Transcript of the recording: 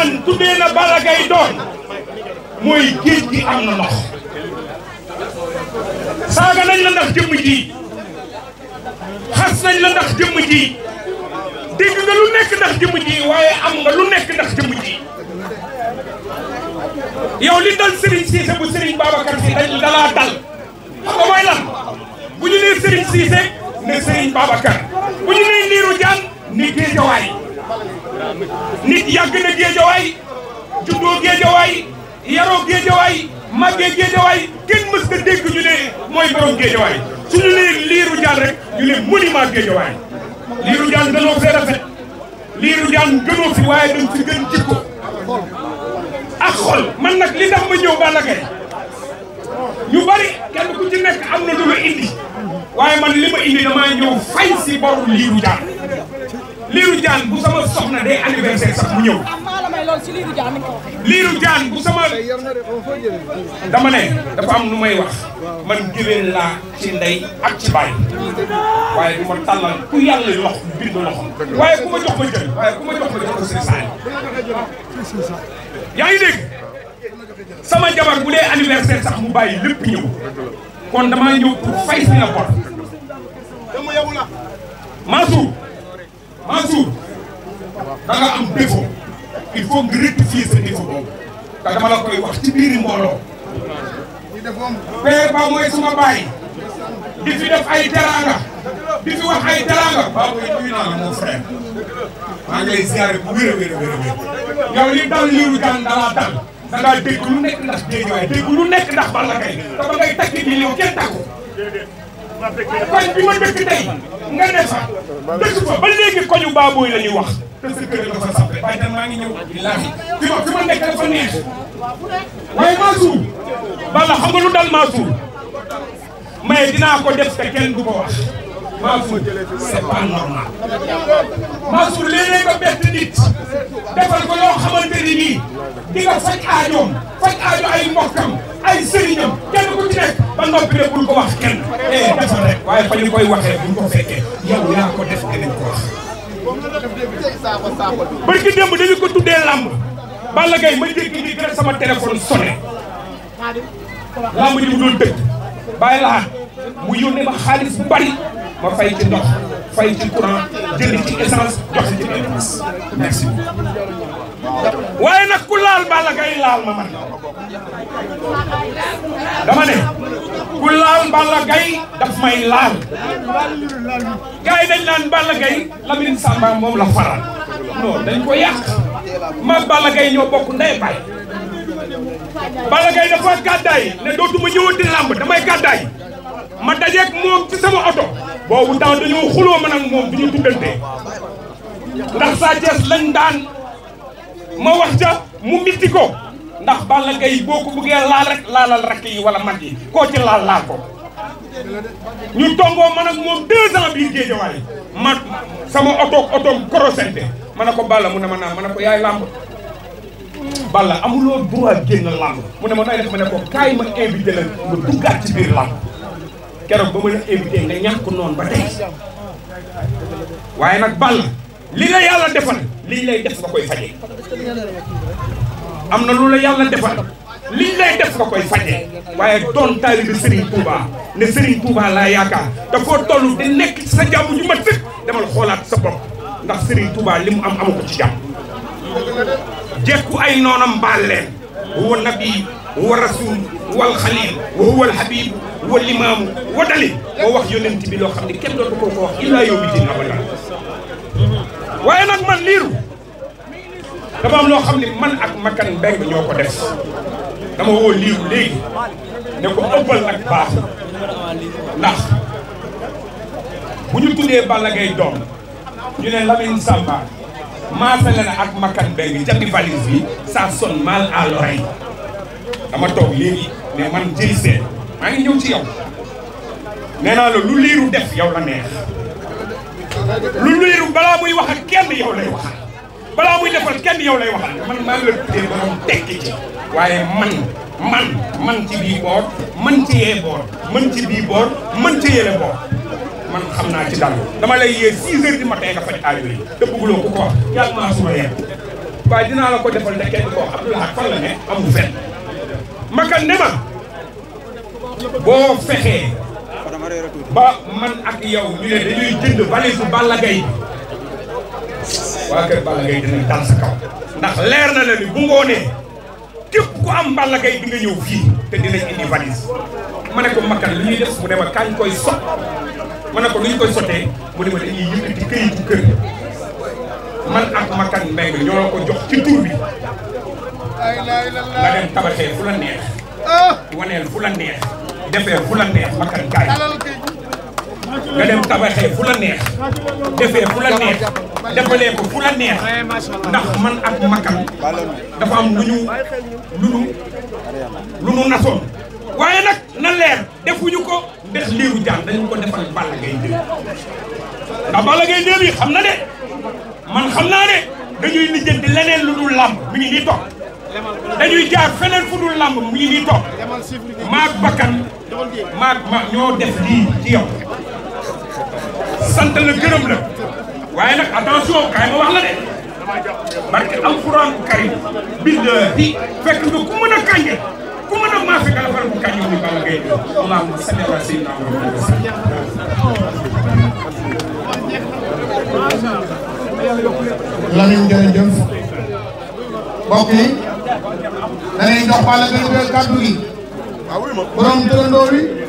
alxuraan tuddee na Balla Gaye doon mooy géej am na ndox saaga nañ la ndax jëmm ji xas nañ la ndax jëmm ji dégg nga lu nekk ndax jëmm ji waaye am nga lu nekk yow li dal Serigne Cissé bu Serigne Babacar Sy dañ dalaa dal xam nga mooy lan bu ñu nee Serigne Cissé ne Serigne Babacar bu ñu ni Géejawaay nit yàgg na géejawaay juddoo géejawaay yaroo géejawaay màggee géejawaay kenn mës nga dégg ñu ne mooy borom géejawaay suñu nee liiru rek ñu ne monument géejawaay liiru jaan gënoo fee rafet liiru jaan gënoo fi waaye dañ fi gën jikko ak man nag li tax ma ñëw Balla Gaye ñu bari kenn ku ci nekk am na lu ma indi waaye man li ma indi damaa ñëw fay si boru liiru jaan liiru jaan bu sama soxna day anniversaire sax mu ñëw. liiru jaan bu sama. dama ne dafa am nu may wax man géwél laa ci ndey ak ci baay waaye du ma tàllal ku yàlla lox bind loxo waaye ku ma jox ma jël waaye ku ma jox ma jox ko seen saay. yaa ngi dégg sama jabar bu dee anniversaire sax mu bàyyi lépp ñëw kon damaa ñëw pour fay si na bor. Mansour. da nga am défaut il faut nga rectifier sa défaut koy wax ci biir mbooloo. père ba mooy suma baay di fi def ay teraanga di fi wax ay teraanga ba mooy nuyu naa la mon frère maa ngi bu wér a wér a a yow li dal liiru daan dalaa dal da ngaa nekk ndax géej waaye dégg lu nekk takki bi liw koñ bi ma dëkk nga ne ba léegi koñu baabooy la ñuy wax te sa kër la fa sappe bàyyi tam maa ngi ñëw billaahi fi ma fi ma nekk dinaa ko def te kenn wax Mansour c'est pas normal Mansour léeg-léeg nga bett nit defal ko loo xamante ni nii di nga faj aajoom faj aajo ay mbokkam ay ku ci nekk ba noppi ne ko wax kenn eh defal rek waaye fa ñu koy waxee ko fekkee def dinañ ko wax. barki démb dañu ko tuddee làmb Balla Gaye ma jékki di sama téléphone sonné làmb ji mu doon dëkk bàyyi laa mu yónnee ma xaalis bu bari ma fay ci fay ci courant jënd ci essence joxe ci dépense merci beaucoup. waaye nag ku laal Balla Gaye laal ma man dama ne ku laal Balla Gaye daf may laal gars yi dañ naan Balla Gaye Lamine Samba moom la faral non dañ ko yàq ma Balla Gaye ñoo bokk ndey baay Balla Gaye dafa gàddaay ne dootuma ñëwati làmb damay gàddaay ma dajeeg moom ci sama oto. boobu daaw dañoo xuloo man ak moom duñu tuddante ndax Sa Thiès lañ daan ma wax ca mu mitti ko ndax Balla Gaye boo ko bëggee laal rek laalal rakk yi wala mag yi koo ci laal laal ko ñu tongoo man ak moom deux ans biir géejawaay ma sama oto otoom korosente ma ne ko Balla mu ne ma naa ma ne ko yaay làmb Balla amuloo droit génn làmb mu ne ma nooy ma ne ko kaay ma invité la nga a ci biir làmb keroog ba ma la invité nga ñàkk noonu ba tey waaye nag Balla lii nga yàlla defal liñ lay def nga koy faje am na lu la yàlla defal liñ lay def nga koy faje waaye doon taalibe Serigne Touba ne sëriñ Touba laa yaakaar te foo toll di nekk ci sa jàmm ju ma sëkk xoolaat sa bopp ndax sëriñ Touba li mu am amu ko ci jàmm jekku ay noonam baal leen huwa nabi huwa rasul huwa alxalil wa huwa alhabib wa limaamu wadali moo wax yonent bi loo xam ne kenn dootu ko ko wax illaa yow bi waaye nag man liiru dama am loo xam ne man ak Makan Mbeng ñoo ko def dama woo liiru léegi ne ko ëppal nag baax ndax bu ñu tuddee Balla Gaye doom ñu ne Lamine Samba maasale na ak Makan Mbeng jaggi valise bi ça sonne mal à dama toog léegi ne man jëlisee maa ngi ñëw ci yow nee naa la lu liiru def yow la neex lu liiru balaa muy wax ak kenn yow lay wax balaa muy defal kenn yow lay waxal man maa ngi la tuddee borom ci waaye man man man ci bii boor man ci yee boor man ci bii boor man ci yële boor man xam naa ci dal dama lay yee 6 heures du matin nga faj aajo yi te bëgguloo ko ko wax yàlla maa suma yem waaye dinaa la ko defal ne kenn ko wax Abdoulaye fan la ne amul fenn makal ne ma boo fexee ba man ak yow ñu ne dañuy jënd valise Balla Gaye waa kër Balla Gaye dinañ dal kaw ndax leer na la ni bu ngoonee képp ko am Balla Gaye di nga ñëw fii te dinañ indi valise ma ne ko makkan li ñuy def mu ne ma kañ koy sot ma ne ko luñ koy sotee mu ne ma dañuy yëkkati këyitu kër man ak makkan mbeng ñoo ko jox ci tur bi nga dem tabaxee fu la neex ah! waneel fu la neex defee fu la neex bakkan kaay nga dem tabaxee fu la neex defee fu la neex defalee ko fu la neex ndax man ak makkan dafa am lu ñu lu ñu lu ñu nasoon waaye nag na leer defuñu ko def liiru jaan dañu ko defal Balla Gaye 2 ndax Balla Gaye bi xam na de man xam naa ne dañuy lijjanti leneen lu dul làmb mi ngi nii toog dañuy jaar feneen fu dul làmb mu ngi nii toog maag bakkan ñoo def lii ci yow sant gërëm la waaye nag attention kaay ma wax la de barke alxuraan karim billahi fekk nga ku mën a kànje ku mën a maase nga la faral bu kànje ni Balla Gaye allahumma salli ala sayyidina Muhammad Lamine jërëjëf da ngay jox Balla Gaye 2 kàddu gi borom tërëndoo bi